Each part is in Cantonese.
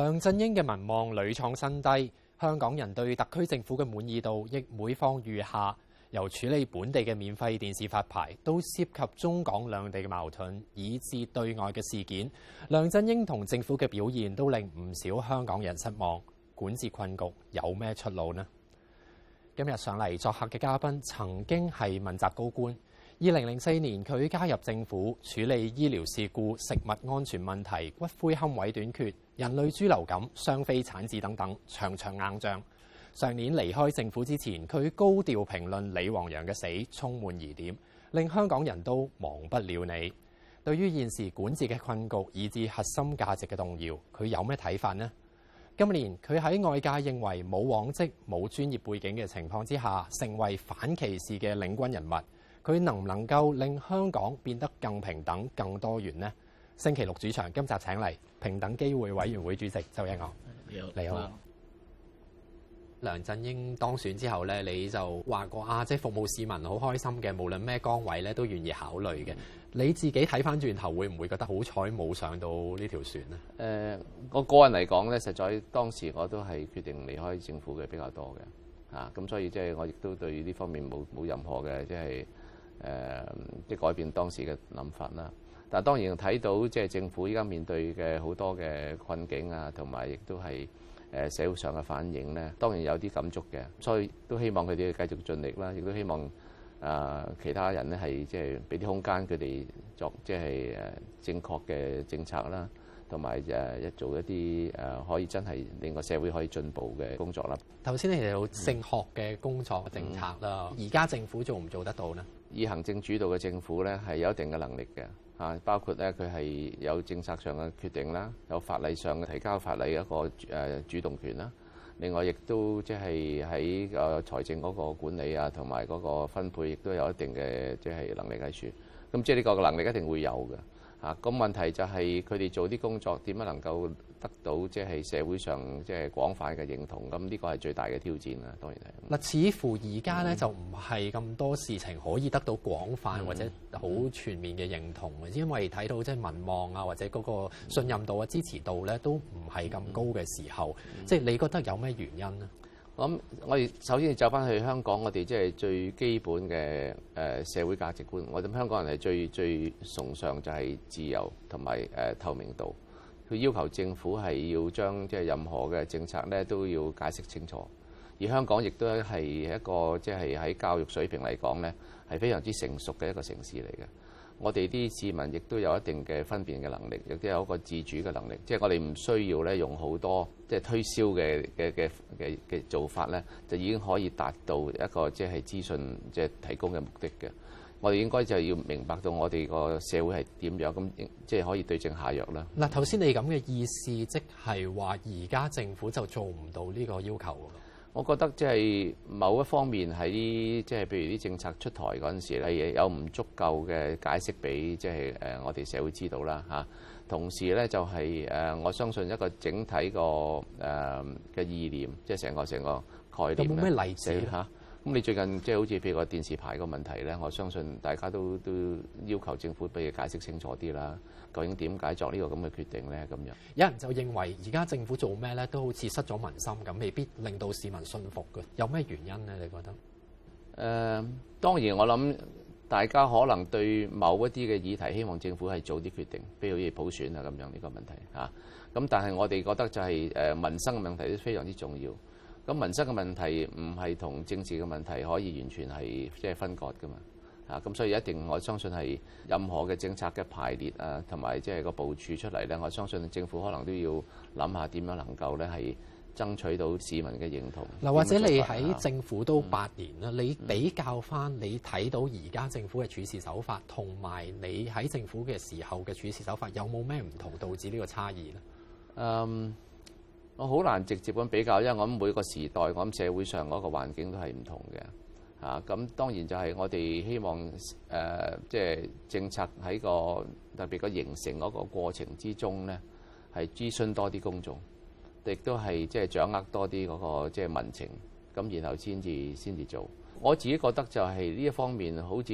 梁振英嘅民望屢創新低，香港人對特區政府嘅滿意度亦每況愈下。由處理本地嘅免費電視發牌，到涉及中港兩地嘅矛盾，以至對外嘅事件，梁振英同政府嘅表現都令唔少香港人失望。管治困局有咩出路呢？今日上嚟作客嘅嘉賓，曾經係問責高官。二零零四年，佢加入政府，處理醫療事故、食物安全問題、骨灰龕位短缺、人類豬流感、雙非產子等等，場場硬仗。上年離開政府之前，佢高調評論李旺陽嘅死，充滿疑點，令香港人都忘不了你。對於現時管治嘅困局，以至核心價值嘅動搖，佢有咩睇法呢？今年佢喺外界認為冇往績、冇專業背景嘅情況之下，成為反歧視嘅領軍人物。佢能唔能夠令香港變得更平等、更多元呢？星期六主場今集請嚟平等機會委員會主席周一嶽。你好，你好。梁振英當選之後咧，你就話過啊，即、就是、服務市民好開心嘅，無論咩崗位咧都願意考慮嘅。嗯、你自己睇翻轉頭，會唔會覺得好彩冇上到呢條船呢？誒、呃，我個人嚟講咧，實在當時我都係決定離開政府嘅比較多嘅。啊，咁所以即係我亦都對呢方面冇冇任何嘅即係。就是誒、呃、即改變當時嘅諗法啦。但係當然睇到即係政府依家面對嘅好多嘅困境啊，同埋亦都係誒社會上嘅反應咧。當然有啲感觸嘅，所以都希望佢哋繼續盡力啦。亦都希望啊、呃、其他人咧係即係俾啲空間佢哋作即係誒正確嘅政策啦，同埋誒一做一啲誒可以真係令個社會可以進步嘅工作啦。頭先你哋有性學嘅工作政策啦，而家、嗯、政府做唔做得到咧？以行政主導嘅政府咧係有一定嘅能力嘅，啊，包括咧佢係有政策上嘅決定啦，有法例上嘅提交法例嘅一個誒主動權啦，另外亦都即係喺個財政嗰個管理啊，同埋嗰個分配亦都有一定嘅即係能力喺處，咁即係呢個能力一定會有嘅，啊，咁問題就係佢哋做啲工作點樣能夠得到即係社會上即係廣泛嘅認同，咁呢個係最大嘅挑戰啦。當然係。嗱，似乎而家咧就唔係咁多事情可以得到廣泛或者好全面嘅認同嘅，mm hmm. 因為睇到即係民望啊，或者嗰個信任度啊、mm hmm. 支持度咧都唔係咁高嘅時候。Mm hmm. 即係你覺得有咩原因咧？咁我諗我哋首先走翻去香港，我哋即係最基本嘅誒社會價值觀，我哋香港人係最最崇尚就係自由同埋誒透明度。佢要求政府係要將即係任何嘅政策咧都要解釋清楚，而香港亦都係一個即係喺教育水平嚟講咧係非常之成熟嘅一個城市嚟嘅。我哋啲市民亦都有一定嘅分辨嘅能力，亦都有一個自主嘅能力，即係我哋唔需要咧用好多即係推銷嘅嘅嘅嘅嘅做法咧，就已經可以達到一個即係資訊即係提供嘅目的嘅。我哋應該就要明白到我哋個社會係點樣，咁即係可以對症下藥啦。嗱，頭先你咁嘅意思，即係話而家政府就做唔到呢個要求。我覺得即係某一方面喺即係，譬如啲政策出台嗰陣時咧，有唔足夠嘅解釋俾即係誒我哋社會知道啦嚇。同時咧就係誒，我相信一個整體個誒嘅意念，即係成個成個概念咧嚇。有冇咩例子？咁你最近即係好似譬如個電視牌個問題咧，我相信大家都都要求政府俾佢解釋清楚啲啦。究竟點解作呢個咁嘅決定咧？咁樣，有人就認為而家政府做咩咧，都好似失咗民心咁，未必令到市民信服嘅。有咩原因咧？你覺得？誒，當然我諗大家可能對某一啲嘅議題希望政府係早啲決定，比如好似普選啊咁樣呢個問題吓，咁，啊，但係我哋覺得就係誒民生嘅問題都非常之重要。咁民生嘅問題唔係同政治嘅問題可以完全係即係分割噶嘛？啊，咁所以一定我相信係任何嘅政策嘅排列啊，同埋即係個部署出嚟咧，我相信政府可能都要諗下點樣能夠咧係爭取到市民嘅認同。嗱，或者你喺政府都八年啦，嗯、你比較翻你睇到而家政府嘅處事手法，同埋你喺政府嘅時候嘅處事手法有冇咩唔同導致呢個差異咧？嗯。我好難直接咁比較，因為我諗每個時代，我諗社會上嗰個環境都係唔同嘅，嚇。咁當然就係我哋希望誒，即、呃、係、就係、政策喺個特別個形成嗰個過程之中咧，係諮詢多啲公眾，亦都係即係掌握多啲嗰個即係民情，咁然後先至先至做。我自己覺得就係呢一方面，好似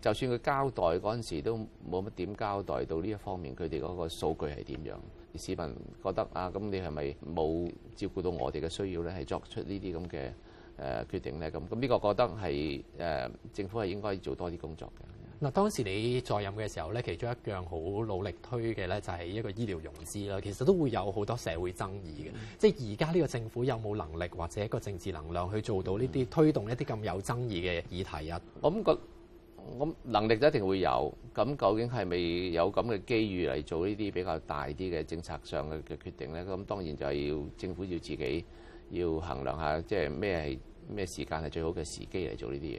就算佢交代嗰陣時候都冇乜點交代到呢一方面，佢哋嗰個數據係點樣？市民覺得啊，咁你係咪冇照顧到我哋嘅需要咧？係作出呢啲咁嘅誒決定咧？咁咁呢個覺得係誒、呃、政府係應該做多啲工作嘅。嗱，當時你在任嘅時候咧，其中一樣好努力推嘅咧，就係一個醫療融資啦。其實都會有好多社會爭議嘅，嗯、即係而家呢個政府有冇能力或者一個政治能量去做到呢啲推動一啲咁有爭議嘅議題啊？嗯、我諗個。我能力一定會有，咁究竟係咪有咁嘅機遇嚟做呢啲比較大啲嘅政策上嘅嘅決定咧？咁當然就係要政府要自己要衡量下，即係咩係咩時間係最好嘅時機嚟做呢啲嘢，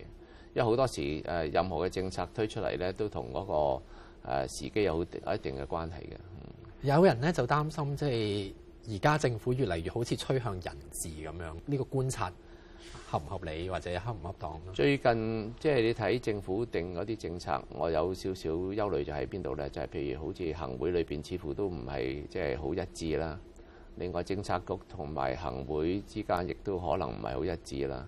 因為好多時誒任何嘅政策推出嚟咧，都同嗰個誒時機有一定嘅關係嘅。有人咧就擔心，即係而家政府越嚟越好似趨向人治咁樣，呢個觀察。合唔合理或者合唔合當咯？最近即係你睇政府定嗰啲政策，我有少少憂慮就喺邊度咧？就係譬如好似行會裏邊似乎都唔係即係好一致啦。另外，政策局同埋行會之間亦都可能唔係好一致啦。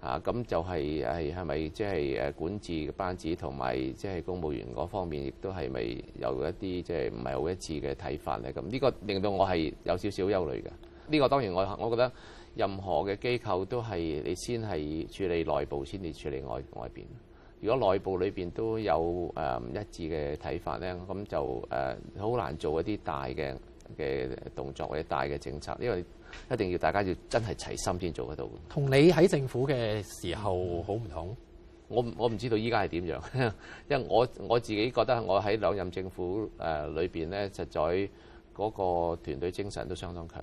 啊，咁就係係係咪即係誒管治嘅班子同埋即係公務員嗰方面，亦都係咪有一啲即係唔係好一致嘅睇法咧？咁呢個令到我係有少少憂慮嘅。呢個當然我我覺得。任何嘅機構都係你先係處理內部，先至處理外外邊。如果內部裏面都有誒唔一致嘅睇法咧，咁就誒好難做一啲大嘅嘅動作或者大嘅政策，因為一定要大家真的要真係齊心先做得到。同你喺政府嘅時候好唔同，我我唔知道依家係點樣， 因為我我自己覺得我喺兩任政府誒裏邊咧，實在嗰個團隊精神都相當強。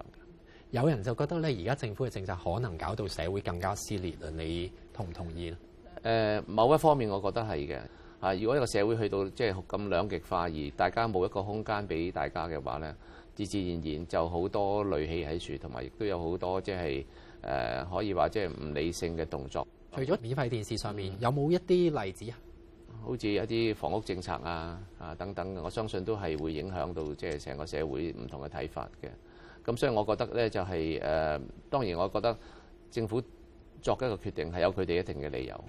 有人就覺得咧，而家政府嘅政策可能搞到社會更加撕裂啦。你同唔同意咧？誒，某一方面我覺得係嘅啊。如果一個社會去到即係咁兩極化，而大家冇一個空間俾大家嘅話咧，自自然然就好多戾氣喺處，同埋亦都有好多即係誒可以話即係唔理性嘅動作。除咗免費電視上面，嗯，有冇一啲例子啊？好似一啲房屋政策啊啊等等，我相信都係會影響到即係成個社會唔同嘅睇法嘅。咁所以我覺得呢，就係，就係誒，當然我覺得政府作一個決定係有佢哋一定嘅理由，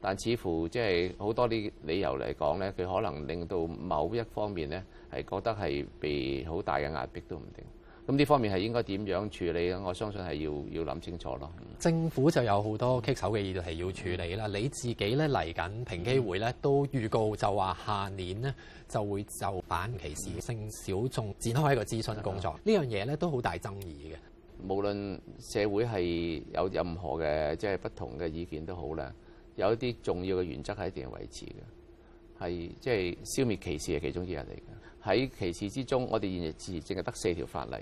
但似乎即係好多啲理由嚟講呢，佢可能令到某一方面呢，係覺得係被好大嘅壓迫都唔定。咁呢方面係應該點樣處理？我相信係要要諗清楚咯。政府就有好多棘手嘅議題要處理啦。你自己咧嚟緊平機會咧，都預告就話下年咧就會就反歧視性小眾展開一個諮詢工作。的樣呢樣嘢咧都好大爭議嘅。無論社會係有任何嘅即係不同嘅意見都好啦，有一啲重要嘅原則係一定要維持嘅，係即係消滅歧視係其中之一嚟嘅。喺歧視之中，我哋現時淨係得四條法例。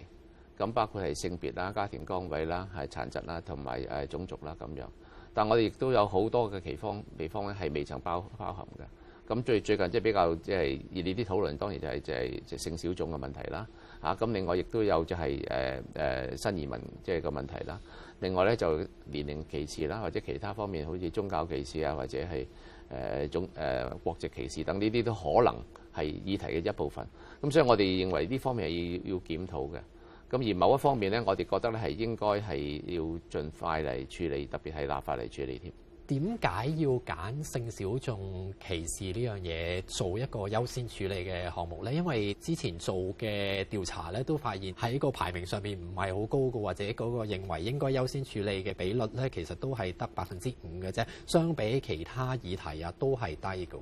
咁包括係性別啦、家庭崗位啦、係殘疾啦，同埋誒種族啦咁樣。但我哋亦都有好多嘅其方地方咧，係未曾包包含嘅。咁最最近即係比較即係熱烈啲討論，當然就係、是、就即、是、係性小眾嘅問題啦。咁、啊，另外亦都有就係、是、誒、呃、新移民即係個問題啦。另外咧就年齡歧視啦，或者其他方面，好似宗教歧視啊，或者係誒、呃呃、國籍歧視等呢啲都可能係議題嘅一部分。咁所以我哋認為呢方面係要要檢討嘅。咁而某一方面咧，我哋覺得咧係應該，係要盡快嚟處理，特別係立法嚟處理添。點解要揀性小眾歧視呢樣嘢做一個優先處理嘅項目咧？因為之前做嘅調查咧都發現喺個排名上面唔係好高嘅，或者嗰個認為應該優先處理嘅比率咧，其實都係得百分之五嘅啫。相比其他議題啊，都係低嘅。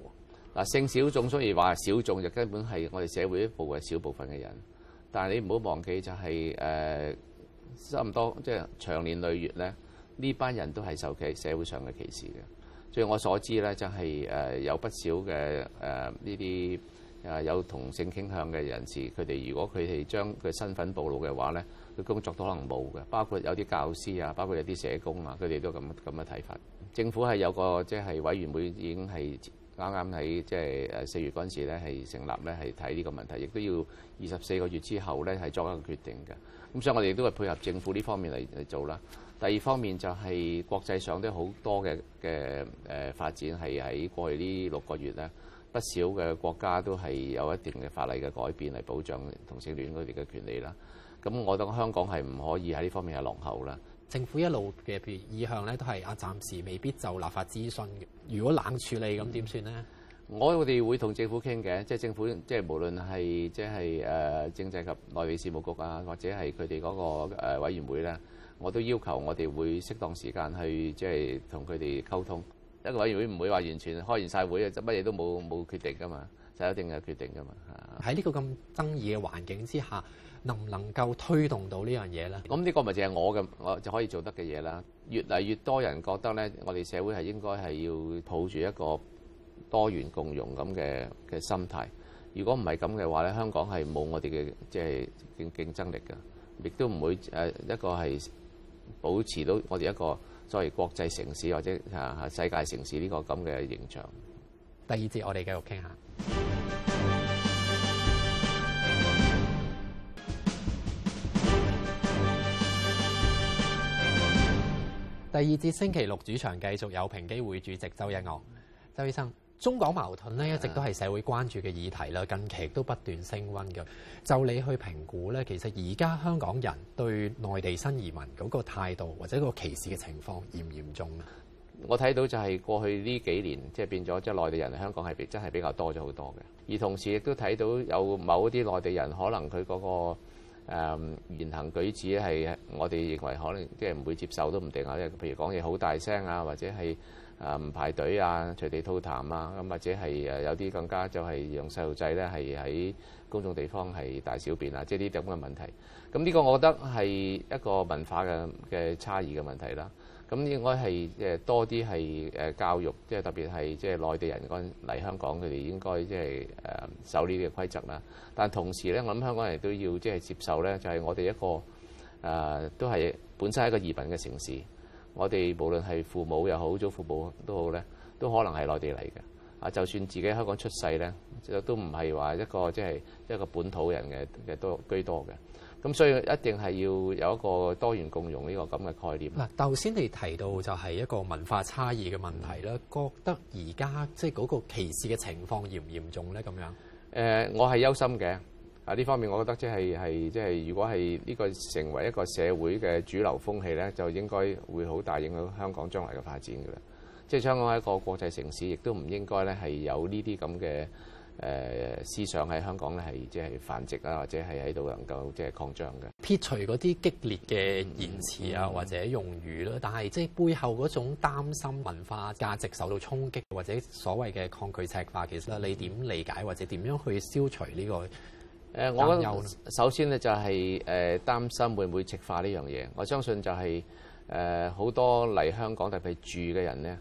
嗱，性小眾，所以話小眾就根本係我哋社會一部分少部分嘅人。但係你唔好忘記，就係呃，就係誒，差唔多即係長年累月咧，呢班人都係受歧社會上嘅歧視嘅。據我所知咧，就係、是、誒、呃、有不少嘅誒呢啲誒有同性傾向嘅人士，佢哋如果佢哋將佢身份暴露嘅話咧，佢工作都可能冇嘅。包括有啲教師啊，包括有啲社工啊，佢哋都咁咁嘅睇法。政府係有個即係、就係、委員會已經係。啱啱喺即係誒四月嗰陣時咧，係成立咧，係睇呢個問題，亦都要二十四個月之後咧，係作一個決定嘅。咁所以，我哋亦都係配合政府呢方面嚟嚟做啦。第二方面就係國際上都好多嘅嘅誒發展係喺過去呢六個月咧，不少嘅國家都係有一定嘅法例嘅改變嚟保障同性戀佢哋嘅權利啦。咁我覺得香港係唔可以喺呢方面係落後啦。政府一路嘅譬如意向咧，都係啊，暫時未必就立法諮詢嘅。如果冷處理咁點算咧？我哋會同政府傾嘅，即係政府即係無論係即係誒、呃、政制及內地事務局啊，或者係佢哋嗰個誒委員會咧，我都要求我哋會適當時間去即係同佢哋溝通。一個委員會唔會話完全開完晒會啊，就乜嘢都冇冇決定噶嘛，就一定有決定噶嘛。喺呢個咁爭議嘅環境之下。能唔能夠推動到呢樣嘢咧？咁呢個咪就係我嘅，我就可以做得嘅嘢啦。越嚟越多人覺得咧，我哋社會係應該係要抱住一個多元共融咁嘅嘅心態。如果唔係咁嘅話咧，香港係冇我哋嘅即係競競爭力嘅，亦都唔會誒一個係保持到我哋一個所謂國際城市或者嚇嚇世界城市呢個咁嘅形象。第二節我哋繼續傾下。第二節星期六主場繼續有平機會主席周一嶽，周醫生，中港矛盾咧一直都係社會關注嘅議題啦，近期都不斷升溫嘅。就你去評估咧，其實而家香港人對內地新移民嗰個態度或者個歧視嘅情況嚴唔嚴重啊？我睇到就係過去呢幾年，即係變咗即係內地人嚟香港係比真係比較多咗好多嘅，而同時亦都睇到有某啲內地人可能佢嗰個。誒、um, 言行舉止係我哋認為可能即係唔會接受都唔定啊！譬如講嘢好大聲啊，或者係誒唔排隊啊、隨地吐痰啊，咁或者係誒有啲更加就係讓細路仔咧係喺公眾地方係大小便啊，即係呢啲咁嘅問題。咁呢個我覺得係一個文化嘅嘅差異嘅問題啦。咁應該係多啲係教育，即係特別係即係內地人嚟香港，佢哋應該即係誒守呢啲嘅規則啦。但同時咧，我諗香港人亦都要即係接受咧，就係我哋一個誒、呃、都係本身係一個移民嘅城市。我哋無論係父母又好，祖父母都好咧，都可能係內地嚟嘅。啊，就算自己香港出世咧，都唔係話一個即係一個本土人嘅嘅多居多嘅。咁所以一定係要有一個多元共融呢個咁嘅概念。嗱，頭先你提到就係一個文化差異嘅問題啦，嗯、覺得而家即係嗰個歧視嘅情況嚴唔嚴重咧？咁樣誒，我係憂心嘅。啊，呢方面我覺得即係，係即係，如果係呢個成為一個社會嘅主流風氣咧，就應該會好大影響香港將來嘅發展㗎啦。即係，香港係一個國際城市，亦都唔應該咧係有呢啲咁嘅。誒思想喺香港咧，係即係繁殖啦，或者係喺度能夠即係擴張嘅。撇除嗰啲激烈嘅言辭啊，嗯、或者用語啦，但係即係背後嗰種擔心文化價值受到衝擊，或者所謂嘅抗拒赤化，其實你點理解或者點樣去消除這個呢個誒，我覺得首先咧就係誒擔心會唔會赤化呢樣嘢。我相信就係誒好多嚟香港特別住嘅人咧。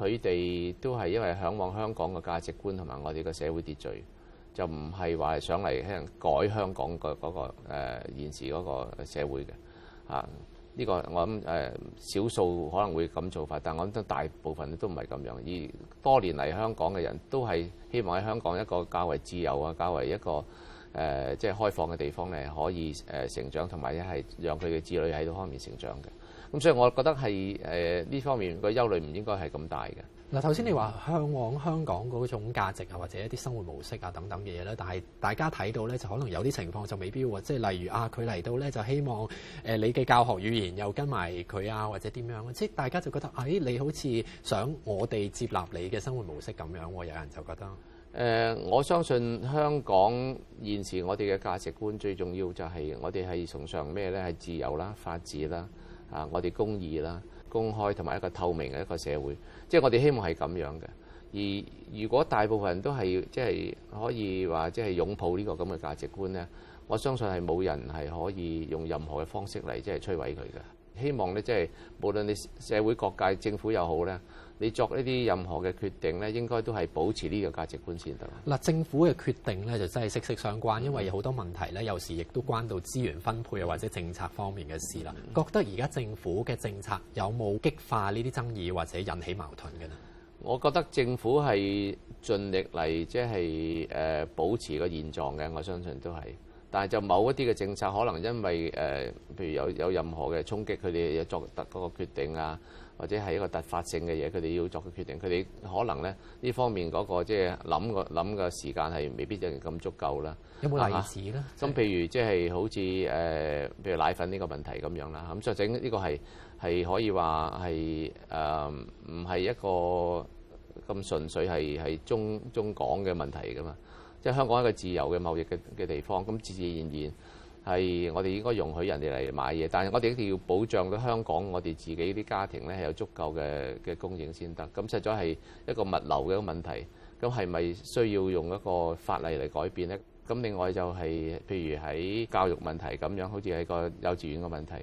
佢哋都係因為向往香港嘅價值觀同埋我哋嘅社會秩序，就唔係話想嚟香改香港個嗰個誒現時嗰個社會嘅。啊，呢個我諗誒少數可能會咁做法，但我我諗大部分都唔係咁樣，而多年嚟香港嘅人都係希望喺香港一個較為自由啊、較為一個誒即係開放嘅地方咧，可以誒成長同埋一係讓佢嘅子女喺度方面成長嘅。咁所以，我覺得係誒呢方面個憂慮唔應該係咁大嘅。嗱，頭先你話向往香港嗰種價值啊，或者一啲生活模式啊等等嘅嘢咧，但係大家睇到咧，就可能有啲情況就未必喎。即係例如啊，佢嚟到咧就希望誒、呃、你嘅教學語言又跟埋佢啊，或者點樣咧？即係大家就覺得誒、哎、你好似想我哋接納你嘅生活模式咁樣喎。有人就覺得誒、呃，我相信香港現時我哋嘅價值觀最重要就係我哋係崇尚咩咧？係自由啦、法治啦。啊！我哋公義啦、公開同埋一個透明嘅一個社會，即係我哋希望係咁樣嘅。而如果大部分人都係即係可以話即係擁抱呢個咁嘅價值觀呢，我相信係冇人係可以用任何嘅方式嚟即係摧毀佢嘅。希望咧，即係無論你社會各界、政府又好咧，你作呢啲任何嘅決定咧，應該都係保持呢個價值觀先得啦。嗱，政府嘅決定咧就真係息息相關，因為有好多問題咧，有時亦都關到資源分配啊，或者政策方面嘅事啦。覺得而家政府嘅政策有冇激化呢啲爭議或者引起矛盾嘅咧？我覺得政府係盡力嚟，即係誒，保持個現狀嘅，我相信都係。但係就某一啲嘅政策，可能因為誒，譬如有有任何嘅衝擊，佢哋要作特嗰個決定啊，或者係一個突發性嘅嘢，佢哋要作嘅決定，佢哋可能咧呢方面嗰個即係諗個諗嘅時間係未必就咁足夠啦。有冇例子咧？咁譬如即係好似誒，譬如奶粉呢個問題咁樣啦，咁再整呢個係係可以話係誒，唔係一個咁純粹係係中中港嘅問題㗎嘛？即係香港一個自由嘅貿易嘅嘅地方，咁自自然然係我哋應該容許人哋嚟買嘢，但係我哋一定要保障到香港我哋自己啲家庭咧係有足夠嘅嘅供應先得。咁實在係一個物流嘅一個問題，咁係咪需要用一個法例嚟改變咧？咁另外就係譬如喺教育問題咁樣，好似係個幼稚園嘅問題，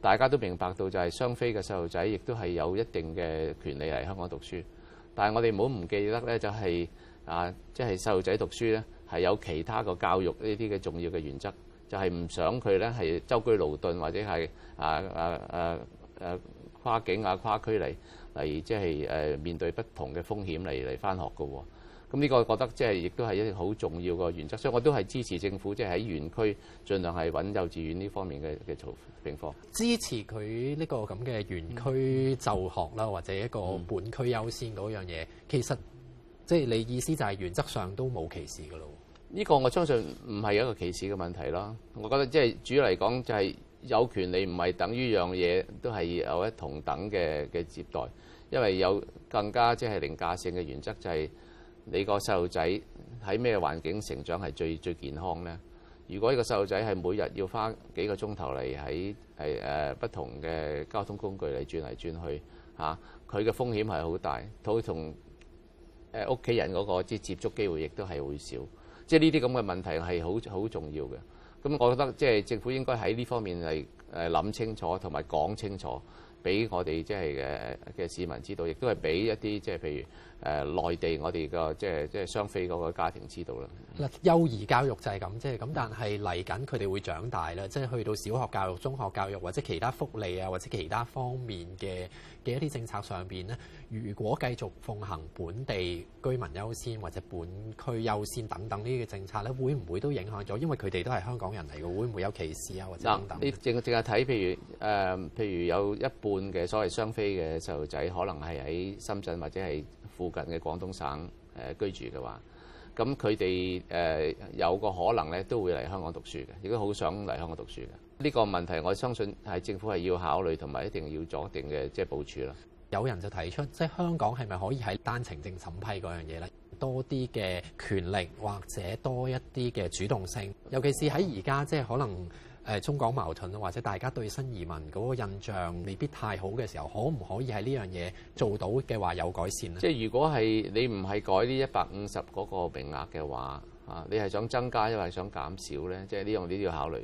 大家都明白到就係雙非嘅細路仔亦都係有一定嘅權利嚟香港讀書，但係我哋唔好唔記得咧就係。啊，即係細路仔讀書咧，係有其他個教育呢啲嘅重要嘅原則，就係、是、唔想佢咧係周居勞頓或者係啊啊啊啊跨境啊跨區嚟嚟即係誒面對不同嘅風險嚟嚟返學嘅喎、哦。咁、嗯、呢、這個我覺得即係亦都係一啲好重要嘅原則，所以我都係支持政府即係喺原區盡量係揾幼稚園呢方面嘅嘅措綱方。支持佢呢個咁嘅原區就學啦，或者一個本區優先嗰樣嘢，嗯、其實。即係你意思就係原則上都冇歧視㗎咯？呢個我相信唔係一個歧視嘅問題咯。我覺得即係主要嚟講就係有權利唔係等於樣嘢都係有一同等嘅嘅接待，因為有更加即係凌駕性嘅原則就係你個細路仔喺咩環境成長係最最健康咧。如果呢個細路仔係每日要花幾個鐘頭嚟喺係誒不同嘅交通工具嚟轉嚟轉去嚇，佢、啊、嘅風險係好大，同同。誒屋企人嗰個即接觸機會亦都係會少，即係呢啲咁嘅問題係好好重要嘅。咁我覺得即係政府應該喺呢方面嚟誒諗清楚，同埋講清楚，俾我哋即係誒嘅市民知道，亦都係俾一啲即係譬如。誒內、呃、地我哋個即係即係雙非嗰個家庭知道啦。嗱，幼兒教育就係咁，即係咁，但係嚟緊佢哋會長大啦，即係去到小學教育、中學教育或者其他福利啊，或者其他方面嘅嘅一啲政策上邊咧，如果繼續奉行本地居民優先或者本區優先等等呢啲嘅政策咧，會唔會都影響咗？因為佢哋都係香港人嚟嘅，會唔會有歧視啊？或者、呃、等等？你正正係睇譬如誒、呃，譬如有一半嘅所謂雙非嘅細路仔，可能係喺深圳或者係。附近嘅廣東省誒居住嘅話，咁佢哋誒有個可能咧，都會嚟香港讀書嘅，亦都好想嚟香港讀書嘅。呢個問題我相信係政府係要考慮同埋一定要做一定嘅即係部署啦。有人就提出，即係香港係咪可以喺單程證審批嗰樣嘢咧？多啲嘅權力或者多一啲嘅主動性，尤其是喺而家即係可能。誒中港矛盾啊，或者大家對新移民嗰個印象未必太好嘅時候，可唔可以喺呢樣嘢做到嘅話有改善咧？即係如果係你唔係改呢一百五十嗰個名額嘅話，啊，你係想增加，抑或係想減少咧？即係呢樣呢啲要考慮。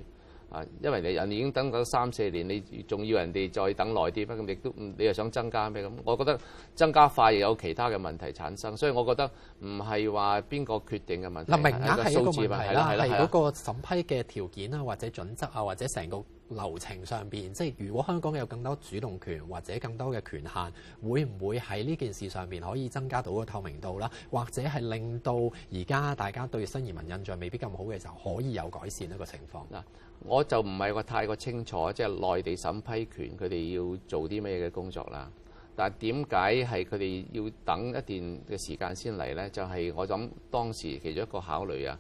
啊，因為你人已經等咗三四年，你仲要人哋再等耐啲，不過亦都你又想增加咩咁？我覺得增加快又有其他嘅問題產生，所以我覺得唔係話邊個決定嘅問題，係啦數字問題啦，係嗰個審批嘅條件啊，或者準則啊，或者成個。流程上邊，即係如果香港有更多主動權或者更多嘅權限，會唔會喺呢件事上面可以增加到個透明度啦？或者係令到而家大家對新移民印象未必咁好嘅時候，可以有改善一個情況啊。我就唔係話太過清楚，即係內地審批權佢哋要做啲咩嘅工作啦。但係點解係佢哋要等一段嘅時間先嚟咧？就係我諗當時其中一個考慮啊，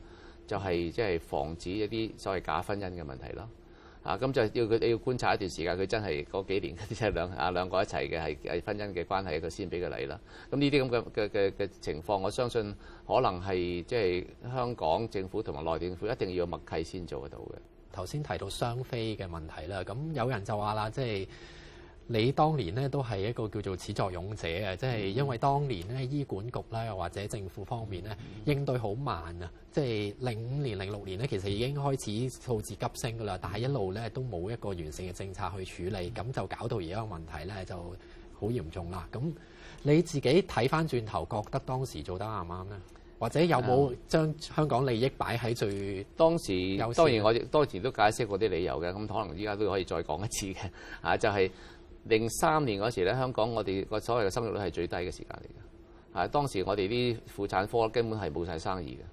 就係即係防止一啲所謂假婚姻嘅問題啦。啊，咁就要佢你要觀察一段時間，佢真係嗰幾年即係、就是、兩啊兩個一齊嘅係係婚姻嘅關係，佢先俾佢嚟啦。咁呢啲咁嘅嘅嘅嘅情況，我相信可能係即係香港政府同埋內地政府一定要默契先做得到嘅。頭先提到雙非嘅問題啦，咁有人就話啦，即係。你當年咧都係一個叫做始作俑者啊！即係因為當年咧醫管局啦，又或者政府方面咧應對好慢啊，即係零五年零六年咧其實已經開始數字急升噶啦，但係一路咧都冇一個完善嘅政策去處理，咁、嗯、就搞到而家個問題咧就好嚴重啦。咁你自己睇返轉頭，覺得當時做得啱唔啱咧？或者有冇將香港利益擺喺最當時？勢當然我當時都解釋過啲理由嘅，咁可能依家都可以再講一次嘅啊，就係、是。零三年嗰時咧，香港我哋個所謂嘅生育率係最低嘅時間嚟嘅。啊，當時我哋啲婦產科根本係冇晒生意嘅。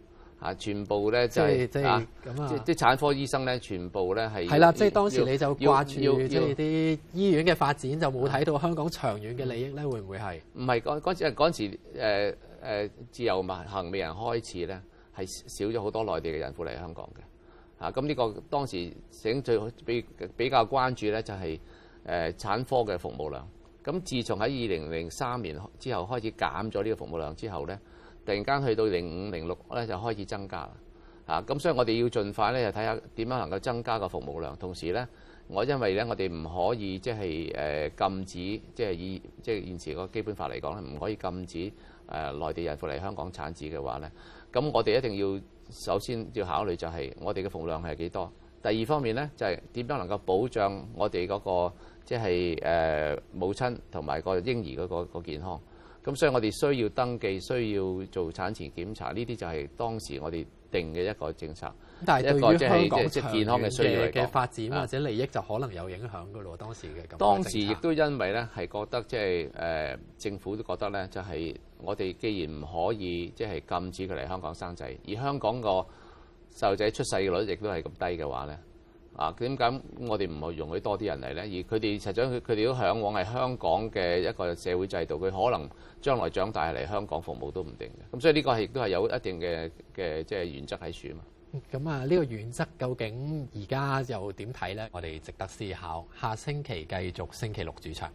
啊，全部咧就係就係、啊，樣啊即係即係產科醫生咧，全部咧係係啦。即係當時你就掛住要即係啲醫院嘅發展，要就冇睇到香港長遠嘅利益咧，嗯、會唔會係？唔係嗰嗰陣嗰時、時、呃、自由行未人開始咧，係少咗好多內地嘅孕婦嚟香港嘅。啊，咁呢個當時醒最好比比較關注咧就係。誒產科嘅服務量，咁自從喺二零零三年之後開始減咗呢個服務量之後呢，突然間去到零五零六咧就開始增加啦，吓，咁所以我哋要盡快呢，就睇下點樣能夠增加個服務量，同時呢，我因為呢，我哋唔可以即係、呃、禁止，即係以即係現時個基本法嚟講咧，唔可以禁止誒、呃、內地人嚟香港產子嘅話呢，咁我哋一定要首先要考慮就係我哋嘅服務量係幾多？第二方面咧，就係、是、點樣能夠保障我哋嗰、那個即係、就是呃、母親同埋個嬰兒嗰個個健康。咁所以我哋需要登記，需要做產前檢查，呢啲就係當時我哋定嘅一個政策，但係一個即係即健康嘅需要嘅發展或者利益就可能有影響㗎咯。當時嘅咁。當時亦都因為咧係覺得即、就、係、是呃、政府都覺得咧就係、是、我哋既然唔可以即係禁止佢嚟香港生仔，而香港個細路仔出世率亦都係咁低嘅話咧，啊點解我哋唔去容許啲多啲人嚟咧？而佢哋實際佢哋都向往係香港嘅一個社會制度，佢可能將來長大嚟香港服務都唔定嘅。咁所以呢個係亦都係有一定嘅嘅即係原則喺處啊嘛。咁啊，呢個原則究竟而家又點睇咧？我哋值得思考。下星期繼續星期六主場。